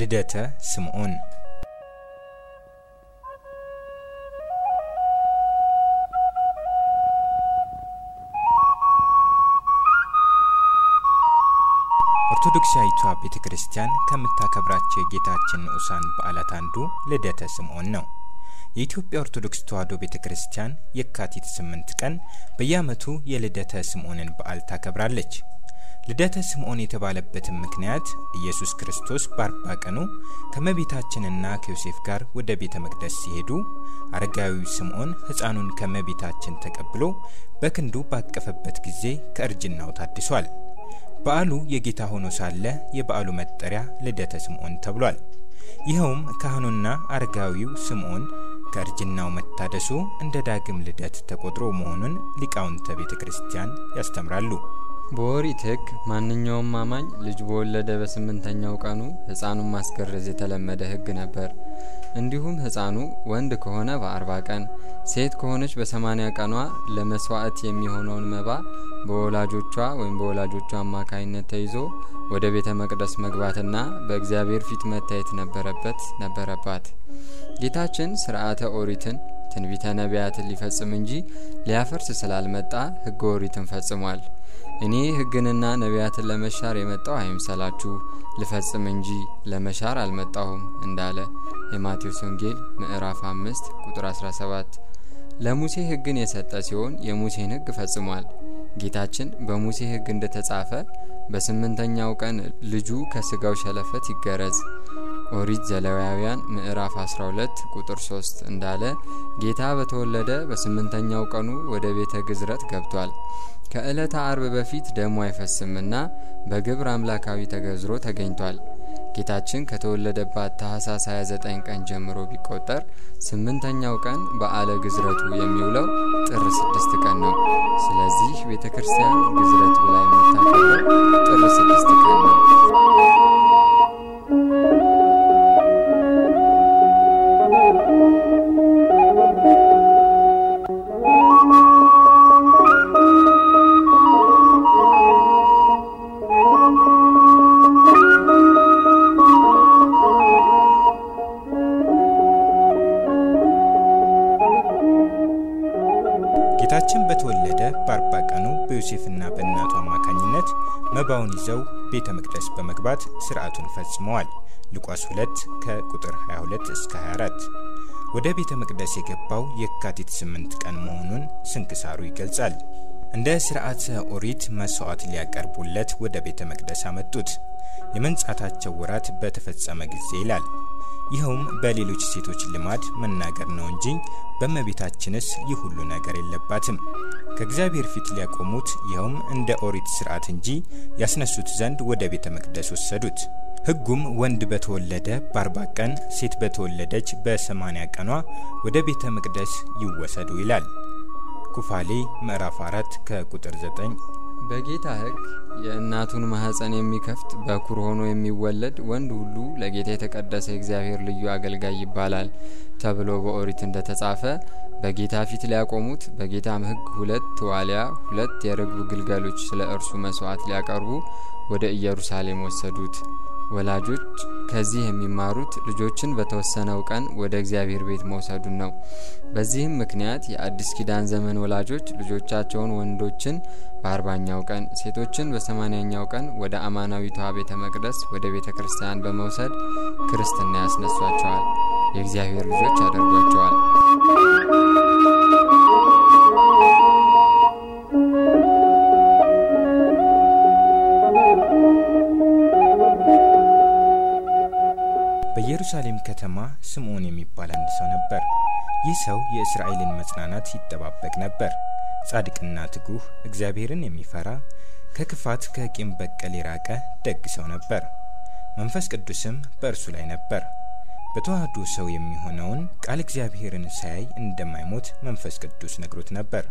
ልደተ ስምዖን ኦርቶዶክሳዊቷ ቤተ ክርስቲያን ከምታከብራቸው የጌታችን ንዑሳን በዓላት አንዱ ልደተ ስምዖን ነው። የኢትዮጵያ ኦርቶዶክስ ተዋሕዶ ቤተ ክርስቲያን የካቲት ስምንት ቀን በየዓመቱ የልደተ ስምዖንን በዓል ታከብራለች። ልደተ ስምዖን የተባለበትም ምክንያት ኢየሱስ ክርስቶስ በአርባ ቀኑ ከመቤታችንና ከዮሴፍ ጋር ወደ ቤተ መቅደስ ሲሄዱ አረጋዊ ስምዖን ሕፃኑን ከመቤታችን ተቀብሎ በክንዱ ባቀፈበት ጊዜ ከእርጅናው ታድሷል። በዓሉ የጌታ ሆኖ ሳለ የበዓሉ መጠሪያ ልደተ ስምዖን ተብሏል። ይኸውም ካህኑና አረጋዊው ስምዖን ከእርጅናው መታደሱ እንደ ዳግም ልደት ተቆጥሮ መሆኑን ሊቃውንተ ቤተ ክርስቲያን ያስተምራሉ። በኦሪት ሕግ ማንኛውም አማኝ ልጅ በወለደ በስምንተኛው ቀኑ ሕፃኑን ማስገረዝ የተለመደ ሕግ ነበር። እንዲሁም ሕፃኑ ወንድ ከሆነ በአርባ ቀን ሴት ከሆነች በሰማኒያ ቀኗ ለመስዋዕት የሚሆነውን መባ በወላጆቿ ወይም በወላጆቿ አማካይነት ተይዞ ወደ ቤተ መቅደስ መግባትና በእግዚአብሔር ፊት መታየት ነበረበት ነበረባት። ጌታችን ስርዓተ ኦሪትን ትንቢተ ነቢያትን ሊፈጽም እንጂ ሊያፈርስ ስላልመጣ ሕገ ኦሪትን ፈጽሟል። እኔ ሕግንና ነቢያትን ለመሻር የመጣው አይምሰላችሁ ልፈጽም እንጂ ለመሻር አልመጣሁም እንዳለ የማቴዎስ ወንጌል ምዕራፍ 5 ቁጥር 17 ለሙሴ ሕግን የሰጠ ሲሆን የሙሴን ሕግ ፈጽሟል። ጌታችን በሙሴ ሕግ እንደተጻፈ በስምንተኛው ቀን ልጁ ከስጋው ሸለፈት ይገረዝ ኦሪት ዘሌዋውያን ምዕራፍ 12 ቁጥር 3 እንዳለ ጌታ በተወለደ በስምንተኛው ቀኑ ወደ ቤተ ግዝረት ገብቷል። ከዕለተ አርብ በፊት ደሙ አይፈስምና በግብር አምላካዊ ተገዝሮ ተገኝቷል። ጌታችን ከተወለደባት ታህሳስ 29 ቀን ጀምሮ ቢቆጠር ስምንተኛው ቀን በዓለ ግዝረቱ የሚውለው ጥር ስድስት ቀን ነው። ስለዚህ ቤተ ክርስቲያን ግዝረ በአርባ ቀኑ በዮሴፍና በእናቱ አማካኝነት መባውን ይዘው ቤተ መቅደስ በመግባት ስርዓቱን ፈጽመዋል። ሉቃስ 2 ከቁጥር 22 እስከ 24 ወደ ቤተ መቅደስ የገባው የካቲት 8 ቀን መሆኑን ስንክሳሩ ይገልጻል። እንደ ስርዓተ ኦሪት መስዋዕት ሊያቀርቡለት ወደ ቤተ መቅደስ አመጡት። የመንጻታቸው ወራት በተፈጸመ ጊዜ ይላል። ይኸውም በሌሎች ሴቶች ልማድ መናገር ነው እንጂ በእመቤታችንስ ይህ ሁሉ ነገር የለባትም። ከእግዚአብሔር ፊት ሊያቆሙት ይኸውም እንደ ኦሪት ስርዓት እንጂ ያስነሱት ዘንድ ወደ ቤተ መቅደስ ወሰዱት። ሕጉም ወንድ በተወለደ በአርባ ቀን ሴት በተወለደች በሰማንያ ቀኗ ወደ ቤተ መቅደስ ይወሰዱ ይላል። ኩፋሌ ምዕራፍ 4 ከቁጥር 9 በጌታ ሕግ የእናቱን ማህፀን የሚከፍት በኩር ሆኖ የሚወለድ ወንድ ሁሉ ለጌታ የተቀደሰ የእግዚአብሔር ልዩ አገልጋይ ይባላል ተብሎ በኦሪት እንደተጻፈ በጌታ ፊት ሊያቆሙት በጌታም ሕግ ሁለት ዋሊያ ሁለት የርግብ ግልገሎች ስለ እርሱ መስዋዕት ሊያቀርቡ ወደ ኢየሩሳሌም ወሰዱት። ወላጆች ከዚህ የሚማሩት ልጆችን በተወሰነው ቀን ወደ እግዚአብሔር ቤት መውሰዱን ነው። በዚህም ምክንያት የአዲስ ኪዳን ዘመን ወላጆች ልጆቻቸውን ወንዶችን በአርባኛው ቀን ሴቶችን በሰማንያኛው ቀን ወደ አማናዊቷ ቤተ መቅደስ ወደ ቤተ ክርስቲያን በመውሰድ ክርስትና ያስነሷቸዋል፣ የእግዚአብሔር ልጆች ያደርጓቸዋል። በኢየሩሳሌም ከተማ ስምዖን የሚባል አንድ ሰው ነበር። ይህ ሰው የእስራኤልን መጽናናት ይጠባበቅ ነበር። ጻድቅና ትጉህ፣ እግዚአብሔርን የሚፈራ ከክፋት ከቂም በቀል የራቀ ደግ ሰው ነበር። መንፈስ ቅዱስም በእርሱ ላይ ነበር። በተዋህዶ ሰው የሚሆነውን ቃል እግዚአብሔርን ሳያይ እንደማይሞት መንፈስ ቅዱስ ነግሮት ነበር።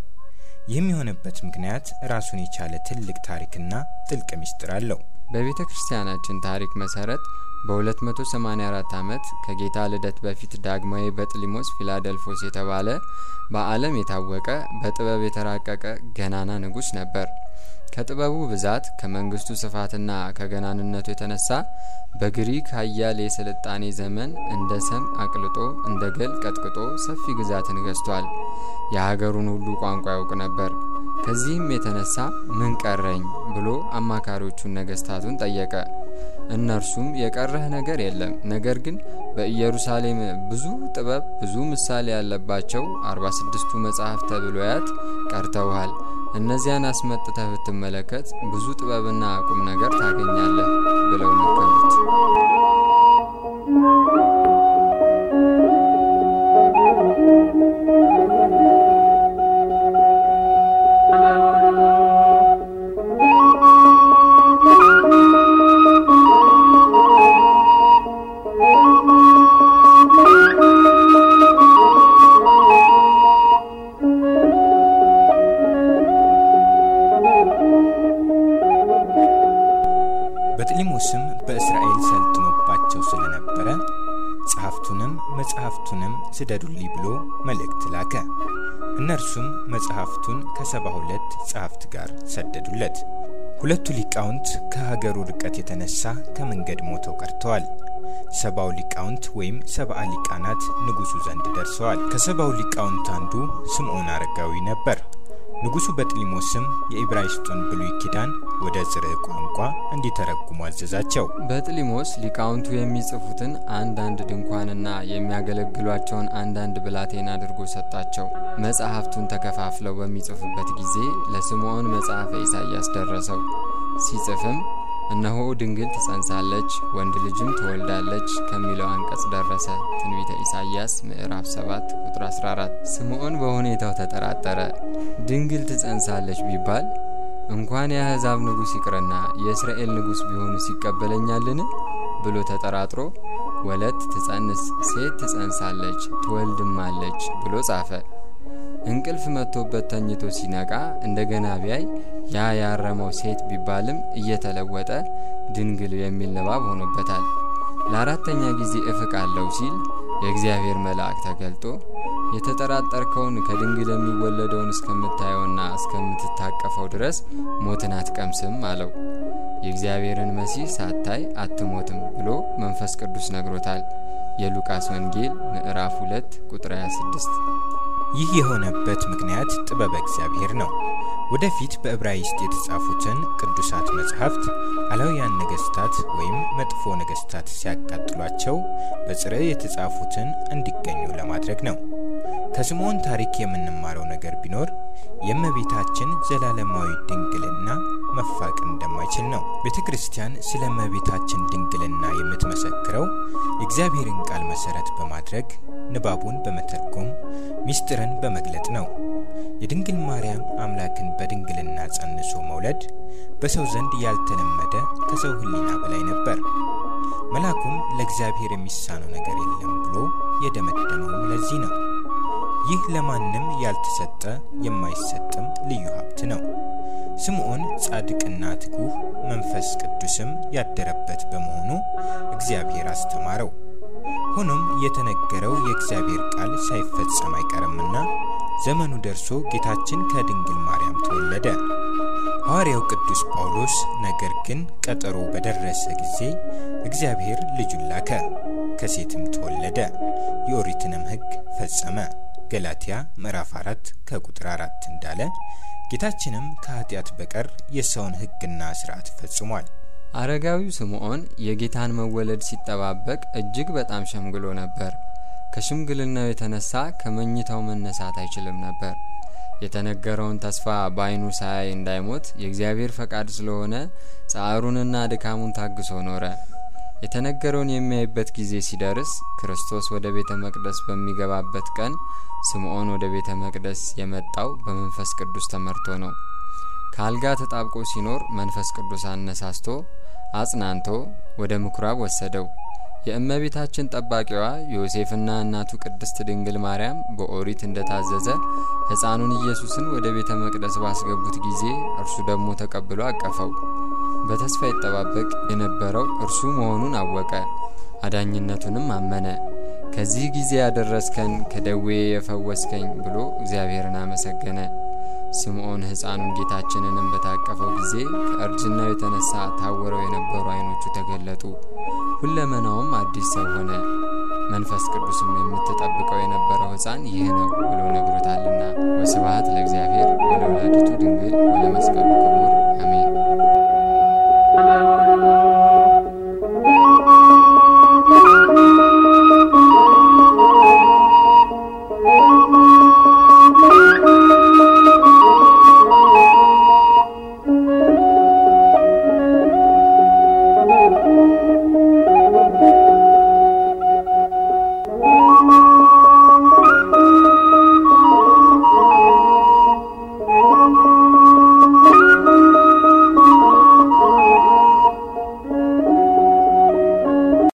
ይህም የሆነበት ምክንያት ራሱን የቻለ ትልቅ ታሪክና ጥልቅ ምስጢር አለው። በቤተ ክርስቲያናችን ታሪክ መሰረት በ284 ዓመት ከጌታ ልደት በፊት ዳግማዊ በጥሊሞስ ፊላደልፎስ የተባለ በዓለም የታወቀ በጥበብ የተራቀቀ ገናና ንጉሥ ነበር። ከጥበቡ ብዛት ከመንግስቱ ስፋትና ከገናንነቱ የተነሳ በግሪክ ሀያል የስልጣኔ ዘመን እንደ ሰም አቅልጦ እንደ ገል ቀጥቅጦ ሰፊ ግዛትን ገዝቷል። የሀገሩን ሁሉ ቋንቋ ያውቅ ነበር። ከዚህም የተነሳ ምን ቀረኝ ብሎ አማካሪዎቹን ነገስታቱን ጠየቀ። እነርሱም የቀረህ ነገር የለም፣ ነገር ግን በኢየሩሳሌም ብዙ ጥበብ፣ ብዙ ምሳሌ ያለባቸው አርባ ስድስቱ መጽሐፍ ተብሎያት ቀርተውሃል። እነዚያን አስመጥተህ ብትመለከት ብዙ ጥበብና ቁም ነገር ታገኛለህ ብለው መከሩት። በጥሊሞስም በእስራኤል ሰልጥኖባቸው ስለነበረ መጽሐፍቱንም መጽሐፍቱንም ስደዱልኝ ብሎ መልእክት ላከ። እነርሱም መጽሐፍቱን ከሰባ ሁለት ጸሐፍት ጋር ሰደዱለት። ሁለቱ ሊቃውንት ከሀገሩ ርቀት የተነሳ ከመንገድ ሞተው ቀርተዋል። ሰባው ሊቃውንት ወይም ሰብአ ሊቃናት ንጉሡ ዘንድ ደርሰዋል። ከሰባው ሊቃውንት አንዱ ስምዖን አረጋዊ ነበር። ንጉሡ በጥሊሞስ ስም ብሉይ ኪዳን ወደ ጽርዕ ቋንቋ እንዲተረጉሙ አዘዛቸው። በጥሊሞስ ሊቃውንቱ የሚጽፉትን አንዳንድ ድንኳንና የሚያገለግሏቸውን አንዳንድ ብላቴን አድርጎ ሰጣቸው። መጽሐፍቱን ተከፋፍለው በሚጽፉበት ጊዜ ለስምዖን መጽሐፈ ኢሳያስ ደረሰው። ሲጽፍም እነሆ ድንግል ትጸንሳለች ወንድ ልጅም ትወልዳለች ከሚለው አንቀጽ ደረሰ። ትንቢተ ኢሳይያስ ምዕራፍ 7 ቁጥር 14። ስምዖን በሁኔታው ተጠራጠረ። ድንግል ትጸንሳለች ቢባል እንኳን የአሕዛብ ንጉሥ ይቅርና የእስራኤል ንጉሥ ቢሆንስ ይቀበለኛልን ብሎ ተጠራጥሮ ወለት ትጸንስ ሴት ትጸንሳለች ትወልድማለች ብሎ ጻፈ። እንቅልፍ መጥቶበት ተኝቶ ሲነቃ እንደገና ቢያይ ያ ያረመው ሴት ቢባልም እየተለወጠ ድንግል የሚል ንባብ ሆኖበታል። ለአራተኛ ጊዜ እፍቅ አለው ሲል የእግዚአብሔር መልአክ ተገልጦ የተጠራጠርከውን ከድንግል የሚወለደውን እስከምታየውና እስከምትታቀፈው ድረስ ሞትን አትቀምስም አለው። የእግዚአብሔርን መሲህ ሳታይ አትሞትም ብሎ መንፈስ ቅዱስ ነግሮታል። የሉቃስ ወንጌል ምዕራፍ 2 ቁጥር 26 ይህ የሆነበት ምክንያት ጥበበ እግዚአብሔር ነው። ወደፊት በዕብራይስጥ የተጻፉትን ቅዱሳት መጽሐፍት አላውያን ነገስታት ወይም መጥፎ ነገስታት ሲያቃጥሏቸው በጽር የተጻፉትን እንዲገኙ ለማድረግ ነው። ከስምዖን ታሪክ የምንማረው ነገር ቢኖር የእመቤታችን ዘላለማዊ ድንግልና መፋቅ እንደማይችል ነው። ቤተ ክርስቲያን ስለ እመቤታችን ድንግልና የምትመሰክረው የእግዚአብሔርን ቃል መሰረት በማድረግ ንባቡን በመተርጎም ሚስጥርን በመግለጥ ነው። የድንግል ማርያም አምላክን በድንግልና ጸንሶ መውለድ በሰው ዘንድ ያልተለመደ ከሰው ህሊና በላይ ነበር። መልአኩም ለእግዚአብሔር የሚሳነው ነገር የለም ብሎ የደመደመውም ለዚህ ነው። ይህ ለማንም ያልተሰጠ የማይሰጥም ልዩ ሀብት ነው። ስምዖን ጻድቅና ትጉህ መንፈስ ቅዱስም ያደረበት በመሆኑ እግዚአብሔር አስተማረው። ሆኖም የተነገረው የእግዚአብሔር ቃል ሳይፈጸም አይቀርምና ዘመኑ ደርሶ ጌታችን ከድንግል ማርያም ተወለደ። ሐዋርያው ቅዱስ ጳውሎስ ነገር ግን ቀጠሮ በደረሰ ጊዜ እግዚአብሔር ልጁን ላከ፣ ከሴትም ተወለደ፣ የኦሪትንም ሕግ ፈጸመ። ገላትያ ምዕራፍ 4 ከቁጥር 4 እንዳለ ጌታችንም ከኃጢአት በቀር የሰውን ሕግና ሥርዓት ፈጽሟል። አረጋዊው ስምዖን የጌታን መወለድ ሲጠባበቅ እጅግ በጣም ሸምግሎ ነበር። ከሽምግልናው የተነሳ ከመኝታው መነሳት አይችልም ነበር። የተነገረውን ተስፋ በዓይኑ ሳያይ እንዳይሞት የእግዚአብሔር ፈቃድ ስለሆነ ጻዕሩንና ድካሙን ታግሶ ኖረ። የተነገረውን የሚያይበት ጊዜ ሲደርስ ክርስቶስ ወደ ቤተ መቅደስ በሚገባበት ቀን ስምዖን ወደ ቤተ መቅደስ የመጣው በመንፈስ ቅዱስ ተመርቶ ነው። ከአልጋ ተጣብቆ ሲኖር መንፈስ ቅዱስ አነሳስቶ አጽናንቶ ወደ ምኩራብ ወሰደው። የእመቤታችን ጠባቂዋ ዮሴፍና እናቱ ቅድስት ድንግል ማርያም በኦሪት እንደታዘዘ ሕፃኑን ኢየሱስን ወደ ቤተ መቅደስ ባስገቡት ጊዜ እርሱ ደግሞ ተቀብሎ አቀፈው። በተስፋ ይጠባበቅ የነበረው እርሱ መሆኑን አወቀ፣ አዳኝነቱንም አመነ። ከዚህ ጊዜ ያደረስከን፣ ከደዌ የፈወስከኝ ብሎ እግዚአብሔርን አመሰገነ። ስምዖን ሕፃኑን ጌታችንንም በታቀፈው ጊዜ ከእርጅናው የተነሳ ታውረው የነበሩ ዓይኖቹ ተገለጡ፣ ሁለመናውም አዲስ ሰው ሆነ። መንፈስ ቅዱስም የምትጠብቀው የነበረው ሕፃን ይህ ነው ብሎ ነግሮታልና። ወስብሐት ለእግዚአብሔር ወለወላዲቱ ድንግል ወለመስቀሉ